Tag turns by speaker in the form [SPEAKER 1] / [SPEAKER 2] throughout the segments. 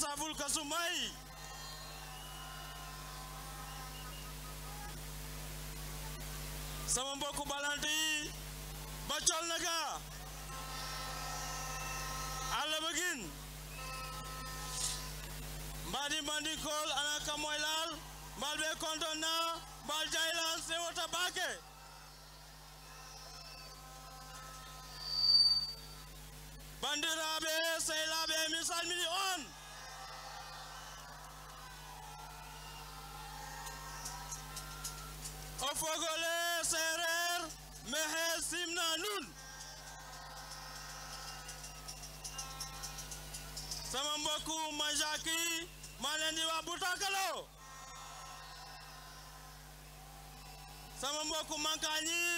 [SPEAKER 1] sabul ka sama mbokku balante ba col na ga alla bagin mbadi mbandi kool ana ka moy laal mbal konton na mbal jay laal se wota baake bandiraaɓe sehlaaɓe mi salmini on fogole seereer maxey simna nuun sama mbokku manjaak yi maa leen di wax bu tàkkaloo sama mbokku mankaañ yi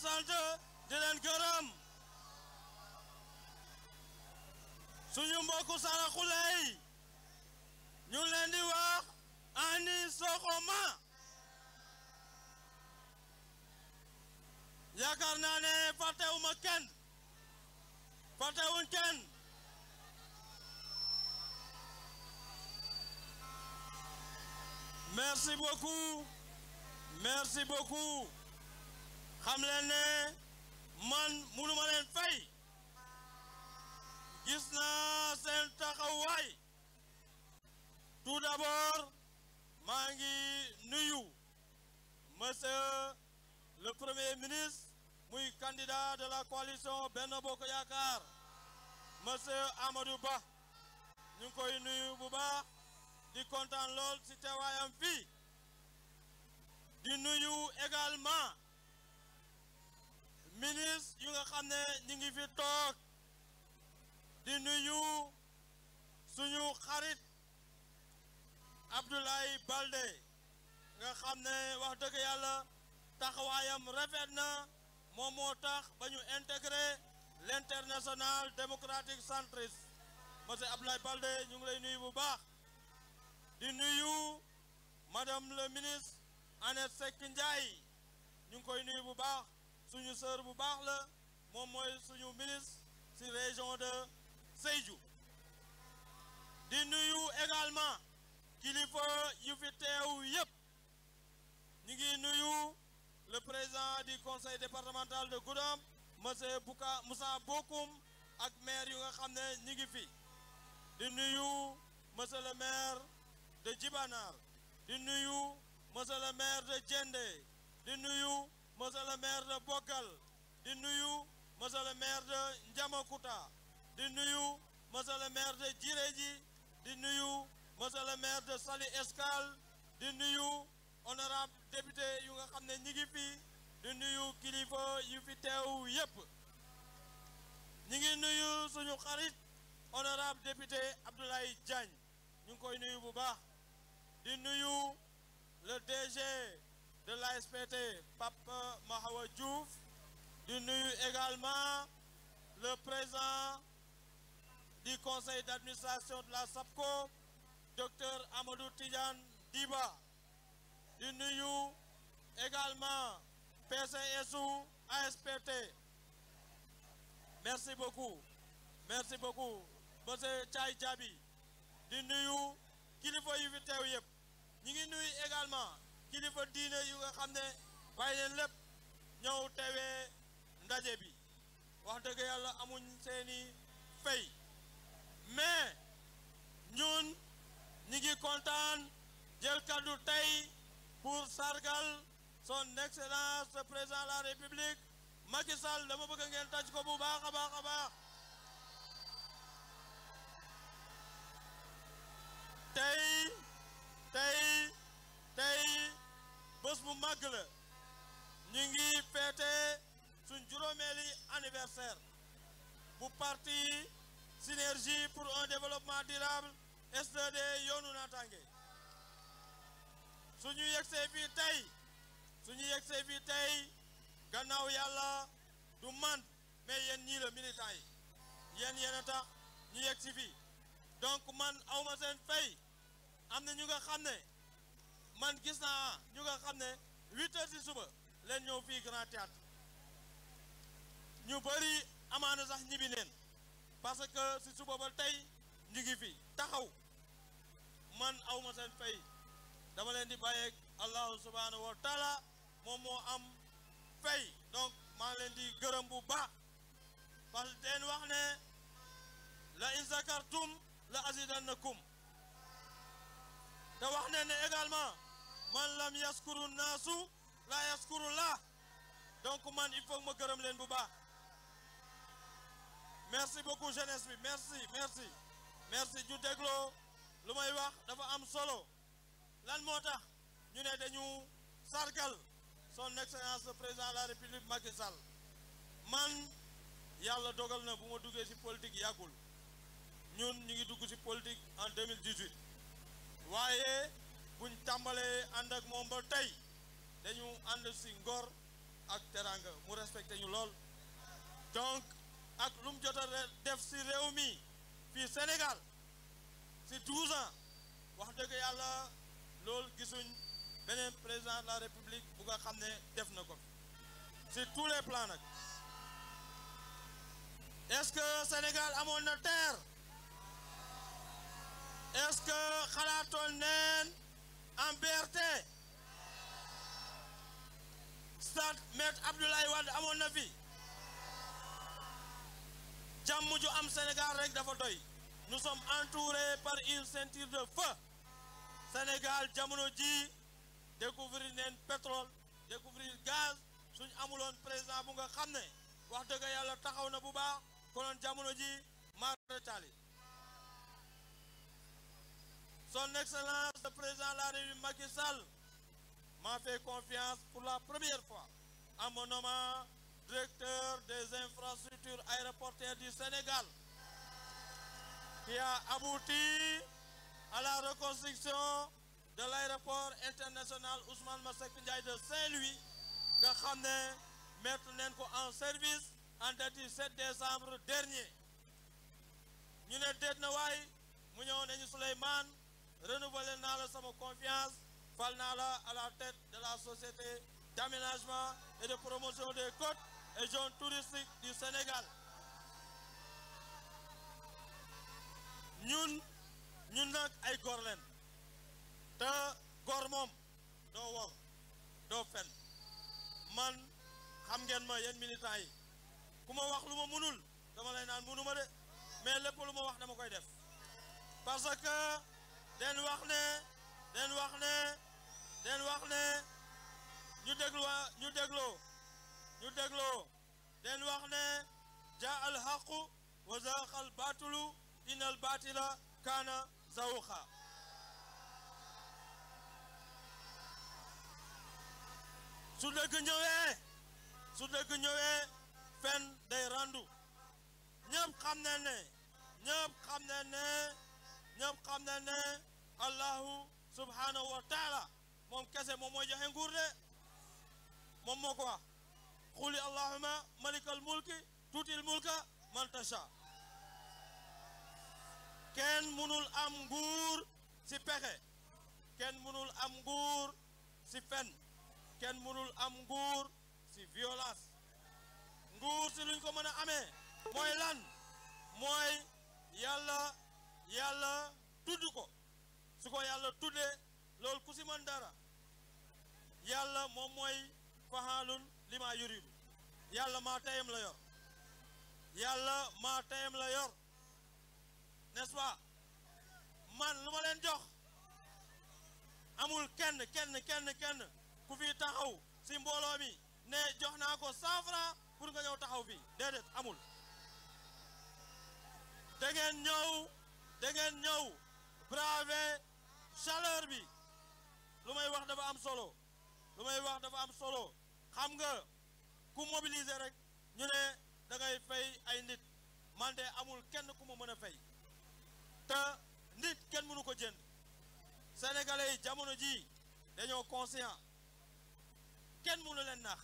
[SPEAKER 1] sant di leen suñu mbokku saraxule yi ñu leen di wax ani soxoma yaakaar naa ne fàttewuma kenn fàttewuñ kenn merci beaucoup merci beaucoup xam leen man mënuma leen d'abord maa ngi nuyu monsieur le premier ministre muy candidat de la coalition Benno Bokk Yaakaar monsieur Amadou Ba ñu ngi koy nuyu bu di kontaan lool ci teewaayam fii di nuyu également ministre yu nga xam ne ñu ngi fi toog di nuyu suñu xarit Abdoulaye Baldé nga xam ne wax dëgg yàlla taxawaayam rafet na moom moo tax ba ñu intégré l'international démocratique centriste monsieur Abdoulaye Baldé ñu ngi lay nuyu bu baax di nuyu madame le ministre Annette Seck Ndiaye ñu ngi koy nuyu bu baax suñu sœur bu baax la moom mooy suñu ministre ci région de Sédhiou di nuyu également kilifa yu fi teew yépp ñu ngi nuyu le président du conseil départemental de Goudomp monsieur Bouka Moussa Bokoum ak maire yu nga xam ne ñu ngi fi di nuyu monsieur le maire de Djibanar di nuyu monsieur le maire de Diendé di nuyu monsieur le maire de Bogal di nuyu monsieur le maire de Ndiamakuta di nuyu monsieur le maire de Djiréji di nuyu monsieur le maire de Saly Escale di nuyu honorable député yu nga xam ne ñi ngi fi di nuyu kilifa yu fi teew yépp ñi ngi nuyu suñu xarit honorable député Abdoulaye Diagne ñu ngi koy nuyu bu baax di nuyu le DG de l'ASPT Pape Mahawa Diouf di nuyu également le président du conseil d'administration de la SAPCO docteur Amadou Tidiane Diba di nuyu également PCSU ASPT merci beaucoup merci beaucoup monsieur Thiaye Diaby di nuyu kilifa yu fi teew yëpp ñi ngi également kilifa diine yu nga xam ne bàyyi lépp ñëw teewee ndaje bi wax dëgg yàlla amuñ seeni fay mais ñun ñu ngi kontaan jël kaddu tey pour sargal son excellence le président de la république Macky Sall dama bëgg ngeen tàcc ko bu baax a baax a baax tey tey tey bés bu màgg la ñu ngi feete suñ juróomeeli anniversaire bu parti synergie pour un développement durable SDD yoonu naataange ñu yegsee fii tey suñu yegsee fii tey gannaaw yàlla du man mais yéen ñii la militant yi yéen yéen a tax ñu yegg si fii donc man awma seen am na ñu nga xam ne man gis naa ñu nga xam ne huit si suba leen ñëw fii Grand Théâtre ñu bëri amaana sax ñibbi neen parce que si suba ba tey ñu ngi fii taxaw man aw ma seen fay dama leen di bàyyeeg allahu subhanahu wa taala am fay donc maa ngi di gërëm bu baax parce que teen wax la in zakartum la azidannakum te wax ne ne également man lam yaskuru naasu la yaskuru la donc man il faut ma gërëm leen bu baax merci beaucoup jeunesse bi merci merci merci ju dégloo lu may wax dafa am solo lan moo tax ñu ne dañu sargal son excellence le président la république Macky Sall man yàlla dogal na bu ma duggee ci politique yàggul ñun ñu ngi dugg ci politique en 2018 waaye buñ tàmbalee ànd ak moom ba tey dañu ànd ci ngor ak teraanga mu respecté ñu lool donc ak lum mu jot a def ci réew mi fii Sénégal si douze ans wax dëgg yàlla loolu gisuñ beneen président de la république bu nga xam ne def na ko sur tous les plans nag est-ce que Sénégal amoon na terre est-ce que xalaatoon neen en BRT stade Maître Abdoulaye Wade amoon na fi jàmm ju am Sénégal rek dafa doy nous sommes entourés par une ceinture de feu Sénégal jamono ji découvrir neen pétrole découvrir gaz suñ amuloon président bu nga xam ne wax dëgg yàlla taxaw na bu baax konoon jamono ji maaretali son excellence le président de la République Macky Sall m'a fait confiance pour la première fois en me nommant directeur des infrastructures aéroportuaires du Sénégal a abouti à la reconstruction de l'aéroport international Ousmane Masseck Ndiaye de Saint-Louis nga xam ne mettre nañ ko en service en date du décembre dernier ñu ne déet na waay mu ñëw nañu Souleymane renouveler naa la sama confiance fal naa la à la tête de la société d'aménagement et de promotion des côtes et zones touristiques du Sénégal ñun ñun nag ay góor leen te góor moom doo wor doo fen man xam ngeen ma yen militant yi ku ma wax lu ma munul dama lay naan munu ma de mais lépp lu ma wax dama koy def parce que den wax ne den wax ne den wax ne ñu déglu ñu dégloo ñu dégloo den wax ne jaa al haqu baatulu innal baatila kaana zawuqa su dëgg ñëwee su dëgg fen day randu ñëpp xam na ne ñëpp xam na ne allahu subhanahu wa taala moom kese moom mooy joxe nguur de moom moo ko xuli allahuma malikal mulki tuutil mulka man tasha kenn mënul am nguur ci pexe kenn mënul am nguur ci fen kenn mënul am nguur ci violence nguur ci luñ ko mën a amee mooy lan mooy yàlla yàlla tudd ko su ko yàlla tuddee loolu ku ci mën dara yàlla moom mooy faxaalun lima maa yàlla maa tayam la yor yàlla maa tayam la yor nest man lu ma leen jox amul kenn kenn kenn kenn ku fi taxaw si mbooloo mi ne jox naa ko cent franc pour nga ñëw taxaw fii déedéet amul da ngeen ñëw da ngeen ñëw braver chaleur bi lu may wax dafa am solo lu may wax dafa am solo xam nga ku mobilise rek ñu ne da ngay fay ay nit man de amul kenn ku ma mën a fay te nit kenn mënu ko jënd sénégalais yi jamono ji dañoo conscient kenn mënu leen nax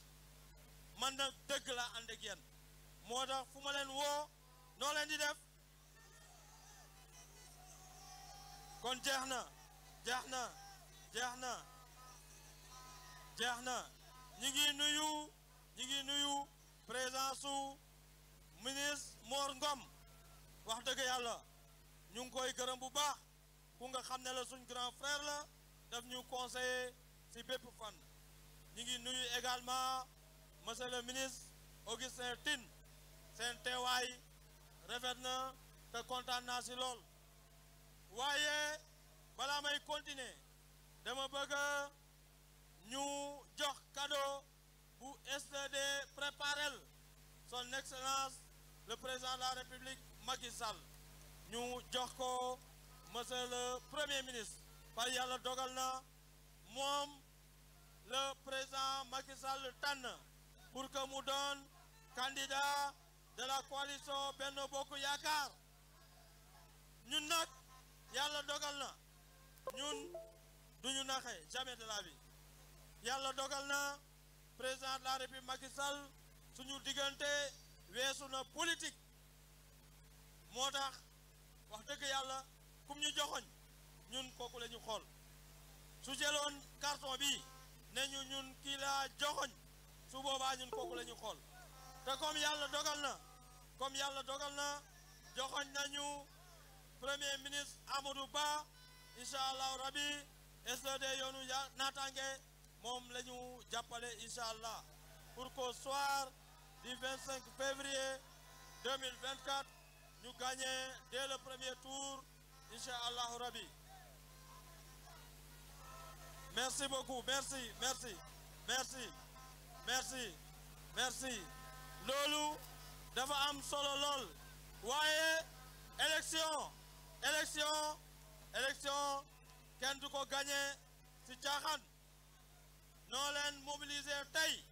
[SPEAKER 1] man nag dëgg laa ànd ak moo tax fu ma leen woo noo leen di def kon jeex na jeex na jeex na jeex na ñi ngi nuyu ñi ngi nuyu présence su ministre Mor Ngom wax dëgg yàlla ñu ngi koy gërëm bu baax ku nga xam ne la suñ grand frère la daf ñu conseiller ci bépp fànn ñu ngi nuyu également monsieur le ministre Augustin Tine seen teewaay rafet na te kontaan naa ci lool waaye balaa may continuer dama bëgg ñu jox cadeau bu STD préparel son excellence le président de la république Macky Sall ñu jox ko monsieur le premier ministre par yàlla dogal na moom le président Macky tànn pour que mu doon candidat de la coalition Benno Bokk Yaakaar ñun nag yàlla dogal na ñun duñu naxe jamais de yàlla dogal na président la république Macky Sall suñu diggante weesu na politique moo tax wax dëgg yàlla kum ñu joxoñ ñun kooku la ñu xool su jëloon bi ne ñu ñun kii laa joxoñ su boobaa ñun kooku la ñu xool te comme yàlla dogal na comme yàlla dogal na joxoñ nañu premier ministre Amadou Ba incha allahu rabi SDD yoonu ya naataange moom la ñu jàppale incha allah pour qu'au soir du 25 ñu gagner dès le premier tour incha allahu rabi merci beaucoup merci merci merci merci loolu dafa am solo lool waaye élection élection élection kenn du ko gagner ci caaxaan noo leen tey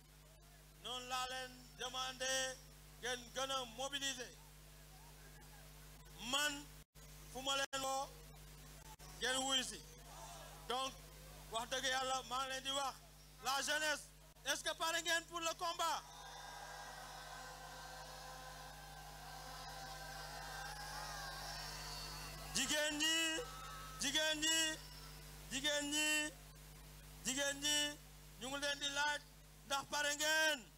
[SPEAKER 1] noonu laa leen demander ngeen gën man fu ma leen woo ngeen wuy si donc wax dëgg yàlla maa ngi leen di wax la jeunesse est-ce que pare ngeen pour le combat jigéen ñi jigéen ñi jigéen ñi jigéen ñi ñu ngi leen di laaj ndax pare ngeen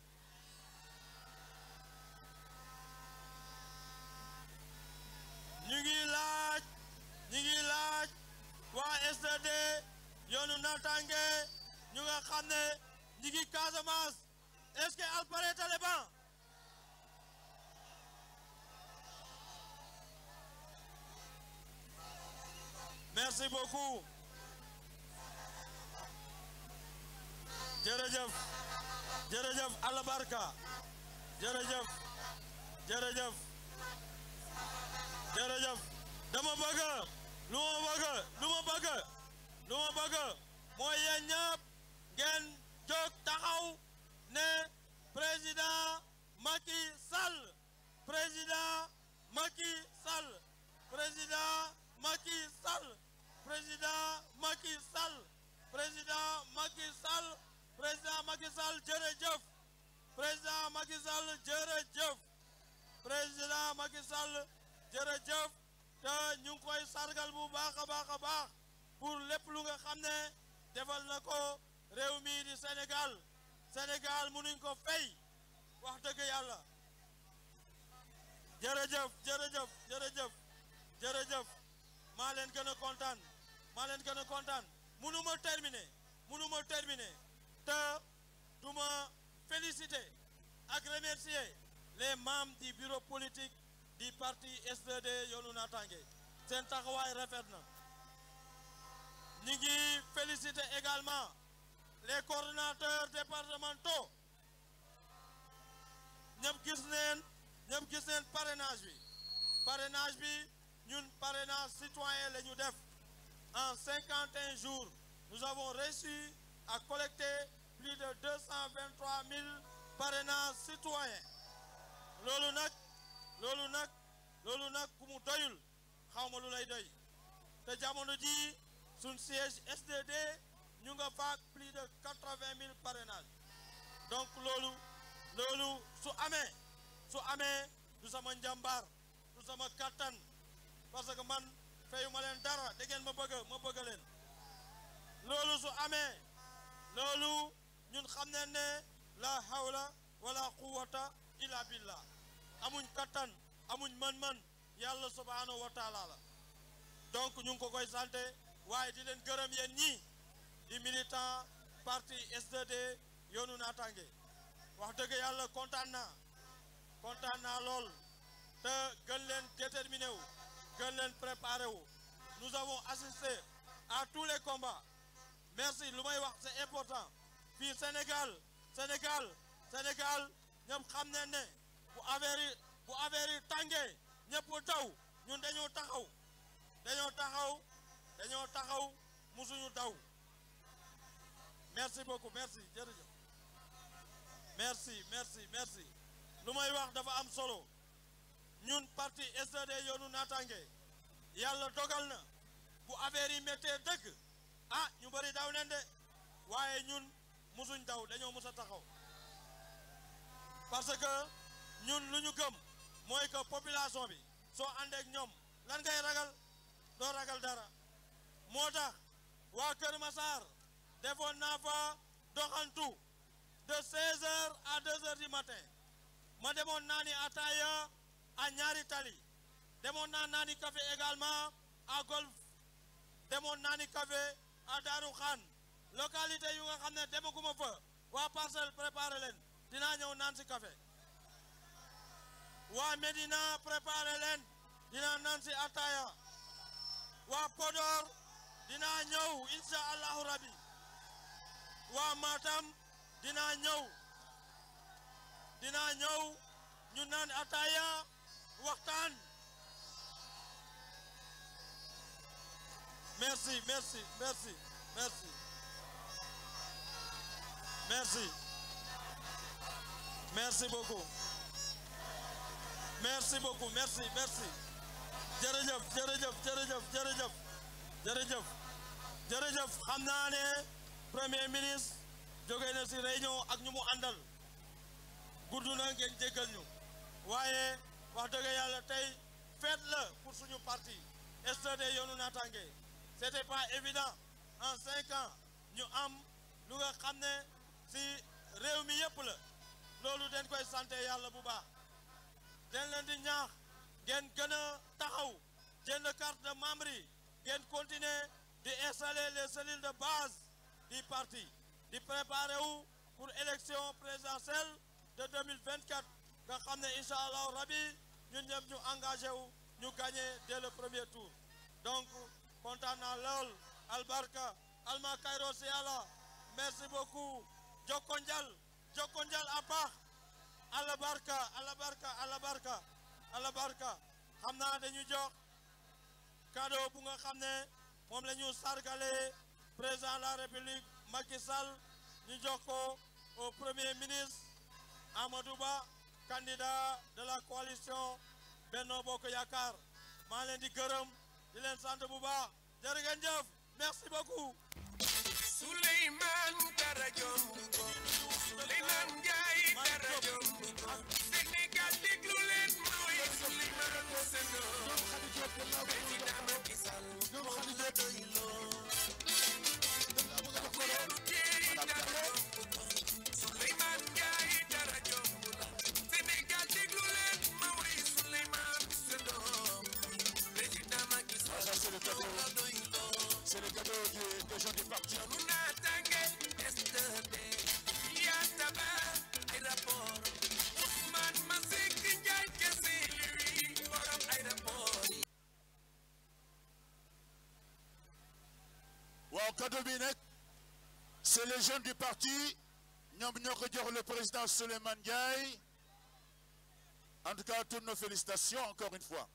[SPEAKER 1] ñu ngi laaj ñu ngi laaj waa SDD yoonu naataange ñu nga xam ñu ngi Casamance est-ce que Alpare merci beaucoup jërëjëf jërëjëf alabarka jërëjëf jërëjëf dama bëgg lu ma bëgg lu ma bëgg lu ma bëgg mooy yéen ñëpp ngeen jóg taxaw ne président Macky Sall président Macky Sall président Macky Sall président Macky Sall président Macky Sall président Macky Sall jërëjëf président Macky Sall jërëjëf président Macky Sall jërëjëf te ñu ngi koy sargal bu baax a baax a baax pour lépp lu nga xam ne defal na ko réew mii di Sénégal Sénégal mënuñ ko fay wax dëgg yàlla jërëjëf jërëjëf jërëjëf jërëjëf maa leen gën a kontaan maa leen gën a kontaan munu ma terminer munu ma terminé te du ma féliciter ak remercier les maam di bureau politique di parti S2D yoonu naataange seen taxawaay rafet na ñi ngi félicité également les coordonnateurs départementaux ñëpp gis neen ñëpp gis neen parrainage bi parrainage bi ñun parrainage citoyen la ñu def en 51 jours nous avons réussi à collecter plus de 223 000 parrainages citoyens loolu nag loolu nag loolu nag ku mu doyul xawma lu lay doy te jamono ji suñ siège SDD ñu nga faak plus de quatre-vingt mille parrainage donc loolu loolu su amee su amee du sama njàmbaar du sama kàttan parce que man feyu ma leen dara da ngeen ma bëgg loolu su amee loolu ñun xam ne ne la hawla wala quwwata illa billah amuñ kattan amuñ man-man yàlla subhaanahu wa la donc ñu ngi ko koy santé waaye di leen gërëm yéen ñii di militant parti S2D yoonu wax dëgg yàlla kontaan naa kontaan naa lool te gën leen déterminé wu gën leen préparé wu nous avons assisté à tous les combats merci lu may wax c'est important fii Sénégal Sénégal Sénégal ñëpp xam ne ne bu affaire yi bu affaire yi tàngee ñëpp daw ñun dañoo taxaw dañoo taxaw dañoo taxaw musuñu daw merci beaucoup merci jërëjëf merci merci merci lu may wax dafa am solo ñun parti SDD yoonu naataange yàlla dogal na bu affaire yi méttee dëgg ah ñu bëri daw leen de waaye ñun musuñ daw dañoo mus a taxaw parce que ñun lu ñu gëm mooy que population bi soo àndee ñoom lan ngay ragal doo ragal dara moo tax waa Kër Massar defoon naa fa doxantu de 16 heures à 2 heures du matin ma demoon naa ni ataaya à ñaari tali demoon naa naa ni café golf demoon naa ni café à Darou Khan localité yu nga xam ne demaguma fa waa parcelle préparé leen dinaa ñëw naan si café waa Médina préparé leen dinaa naan si ataaya waa Podor dinaa ñëw insha allahu rabi waa Matam dinaa ñëw dinaa ñëw ñu naan ataaya waxtaan merci merci merci merci merci merci beaucoup merci beaucoup merci merci jërëjëf jërëjëf jërëjëf jërëjëf jërëjëf jërëjëf xam naa ne premier ministre jóge ak ñu mu àndal gudd na ngeen jéggal ñu waaye wax dëgg yàlla tey fête la pour suñu parti SDD yoonu naataange c'était pas évident en cinq ans ñu am lu xam ne si réew mi yëpp la loolu dañ koy santé yàlla bu baax leen di ñaax ngeen gën a taxaw jënd carte de membre yi ngeen continuer di installer les cellules de base du parti di préparer wu pour élection présidentielle de 2024 nga xam ne incha allahu rabi ñun ñëpp ñu engagé wu ñu gagné dès le premier tour donc kontaan naa lool albarka alma kayro si yàlla merci beaucoup jokko njal jokko njal a baax alabarka alabarka alabarka alabarka xam naa dañu jox cadeau bu nga xam ne moom la ñu président la république Macky Sall ñu jox ko premier ministre Amadou Ba de la coalition Benno Bokk Yaakaar maa leen di gërëm di leen sant bu baax jërë jëf merci beaucoup Sénégalais des gens du parti cadeau bi nag c'est les jeunes du parti ñoom ñoo ko jox le président Souleymane Ndiaye en tout cas toutes nos félicitations encore une fois